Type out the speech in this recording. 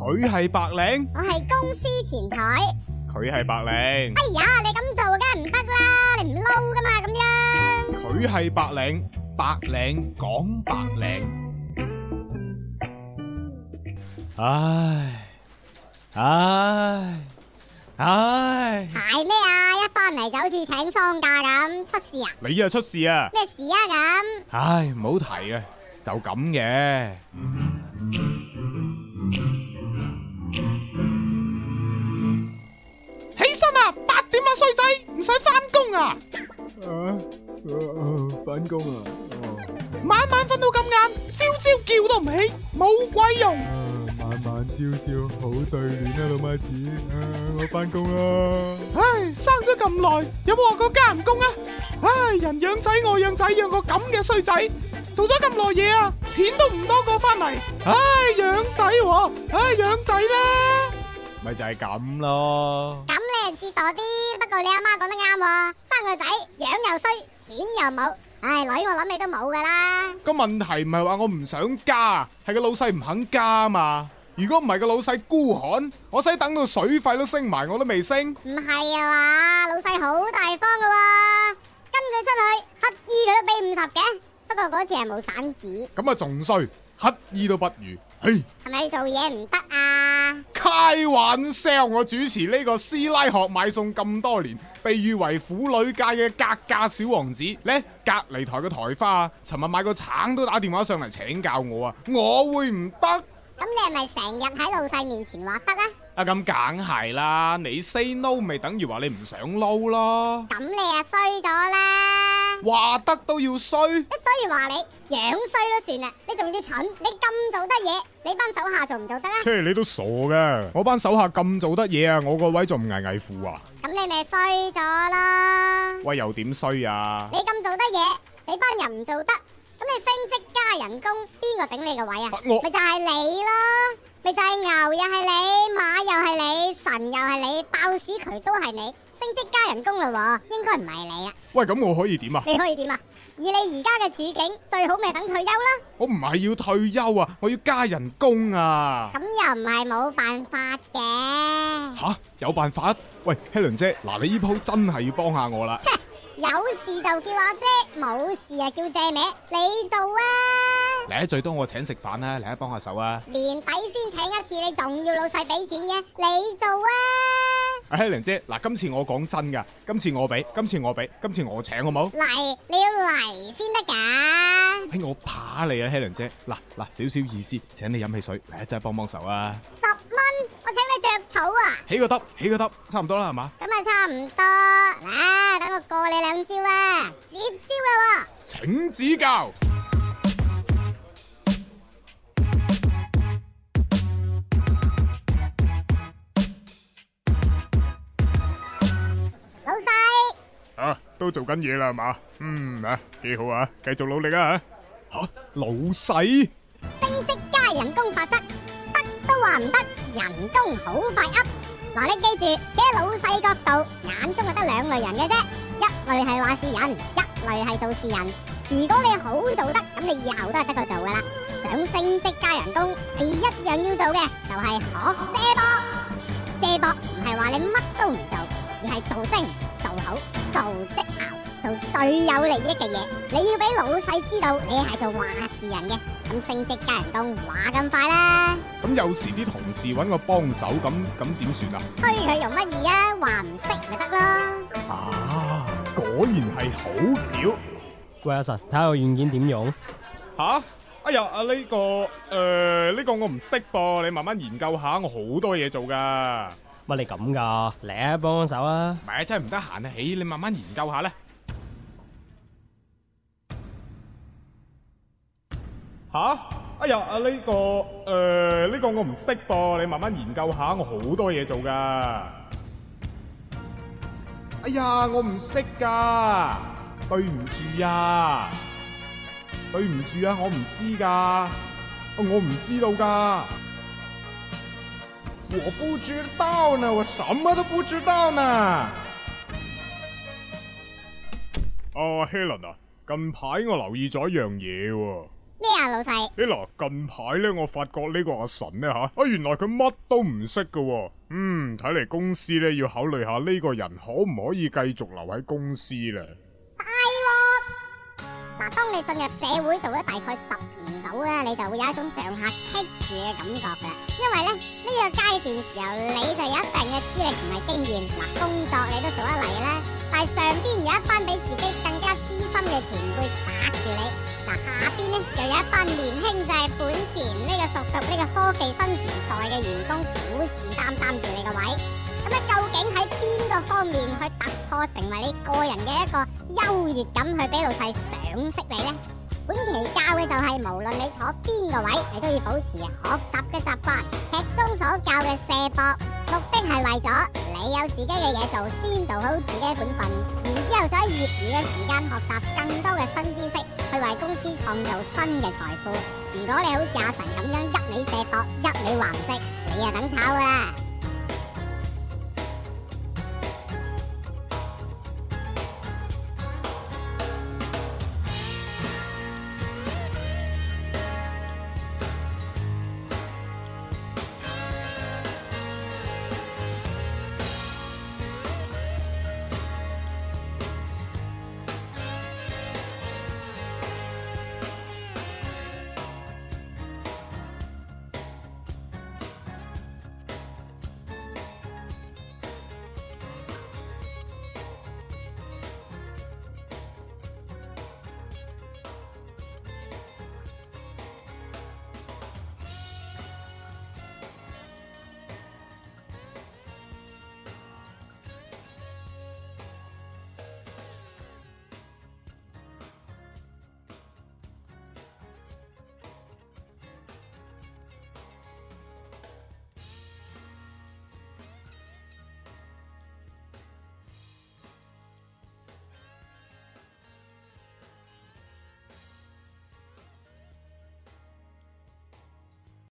佢係白領，我係公司前台。佢係白領。哎呀，你咁做梗係唔得啦，你唔撈噶嘛咁樣。佢係白領，白領講白領。唉唉唉！係咩啊？一翻嚟就好似請喪假咁，出事啊？你啊出事啊？咩事啊咁？唉，唔好提啊，就咁嘅。仔唔使翻工啊！啊，翻工啊！晚晚瞓到咁晏，朝朝叫都唔起，冇鬼用！晚晚朝朝好對聯啊，老媽子！我翻工啦！唉，生咗咁耐，有冇話過加人工啊？唉，人養仔，我養仔，養個咁嘅衰仔，做咗咁耐嘢啊，錢都唔多過翻嚟。唉，養仔喎，唉，養仔啦！咪就係咁咯。識傻啲，不過你阿媽講得啱，生個仔樣又衰，錢又冇，唉，女我諗你都冇噶啦。個問題唔係話我唔想加，係個老細唔肯加啊嘛。如果唔係個老細孤寒，我使等到水費都升埋，我都未升。唔係啊嘛，老細好大方噶，跟佢出去乞衣佢都俾五十嘅。不過嗰次係冇散紙。咁啊，仲衰，乞衣都不如。係咪、哎、做嘢唔得啊？開玩笑，我主持呢個師奶學買餸咁多年，被譽為婦女界嘅格價小王子。呢隔籬台嘅台花、啊，尋日買個橙都打電話上嚟請教我啊！我會唔得？咁你係咪成日喺老細面前話得啊？咁梗係啦，你 say no 咪等於話你唔想撈咯。咁你又衰咗啦！話得都要衰，所以話你樣衰都算啦，你仲要蠢，你咁做得嘢，你班手下做唔做得啊？切，你都傻噶！我班手下咁做得嘢啊，我個位仲唔挨挨褲？啊，咁你咪衰咗啦！喂，又點衰啊？你咁做得嘢，你班人唔做得，咁你升職加人工，邊個頂你個位啊？咪就係你咯，咪就係牛又係你。係你神又係你，爆屎渠都係你，升職加人工嘞，應該唔係你啊？喂，咁我可以點啊？你可以點啊？以你而家嘅處境，最好咪等退休啦。我唔係要退休啊，我要加人工啊。咁又唔係冇辦法嘅。吓，有辦法？喂，Helen 姐，嗱，你呢鋪真係要幫下我啦。切！有事就叫阿姐，冇事啊叫姐名？你做啊！嚟，一最多我請食飯啦，嚟，一幫下手啊！年底先請一次，你仲要老細俾錢嘅，你做啊！阿希良姐，嗱、啊，今次我講真噶，今次我俾，今次我俾，今次我請好冇？嚟，你要嚟先得噶。嘿，我怕你啊，希良姐，嗱、啊、嗱，少、啊、少意思，請你飲汽水，嚟，一真係幫幫手啊！十蚊，我請你着草啊！起個 d 起個 d 差唔多啦，係嘛？咁啊，差唔多。嗱，等我過你兩招啊，接招啦、啊！請指教。都做緊嘢啦，係嘛？嗯啊，幾好啊！繼續努力啊！吓老細，升職加人工法則，得都話唔得，人工好快 up。嗱，你記住，企喺老細角度眼中係得兩類人嘅啫，一類係話事人，一類係做事人。如果你好做得，咁你以後都係得個做噶啦。想升職加人工，第一樣要做嘅，就係學卸膊。卸膊唔係話你乜都唔做，而係做精做好。做績效做最有利益嘅嘢，你要俾老細知道你係做話事人嘅，咁升職加人工話咁快啦。咁有時啲同事搵我幫手，咁咁點算啊？推佢用乜嘢啊？話唔識咪得咯。啊，果然係好屌！喂，阿 Sir，睇下個軟件點用？吓、啊，哎呀，啊呢、這個，誒、呃、呢、這個我唔識噃，你慢慢研究下，我好多嘢做噶。乜你咁噶？嚟啊，幫手啊！唔係啊，真係唔得閒啊，起你慢慢研究下啦。吓！哎呀，啊呢個，誒、呢個我唔識噃，你慢慢研究下，我好多嘢做噶。哎呀，我唔識噶，對唔住啊，對唔住啊，我唔知噶，我唔知道噶。我不知道呢，我什麼都不知道呢。哦、uh, Helen 啊，近排我留意咗一樣嘢喎。咩啊，老細？Helen，近排呢我發覺呢個阿神呢。吓，啊原來佢乜都唔識噶。嗯，睇嚟公司呢，要考慮下呢個人可唔可以繼續留喺公司啦。當你進入社會做咗大概十年到啦，你就會有一種上下棘住嘅感覺噶，因為咧呢、這個階段時候，你就有一定嘅資歷同埋經驗，嗱工作你都做得嚟啦，但係上邊有一班比自己更加資深嘅前輩打壓住你，下邊咧又有一班年輕就係本錢呢個熟讀呢、這個科技新時代嘅員工，虎視眈眈住你嘅位。咁啊，那麼究竟喺邊個方面去突破，成為你個人嘅一個優越感，去俾老細賞識你呢？本期教嘅就係、是，無論你坐邊個位，你都要保持學習嘅習慣。劇中所教嘅卸膊，目的係為咗你有自己嘅嘢做，先做好自己嘅本分，然之後再業餘嘅時間學習更多嘅新知識，去為公司創造新嘅財富。如果你好似阿神咁樣一味卸膊，一味還息，你啊等炒噶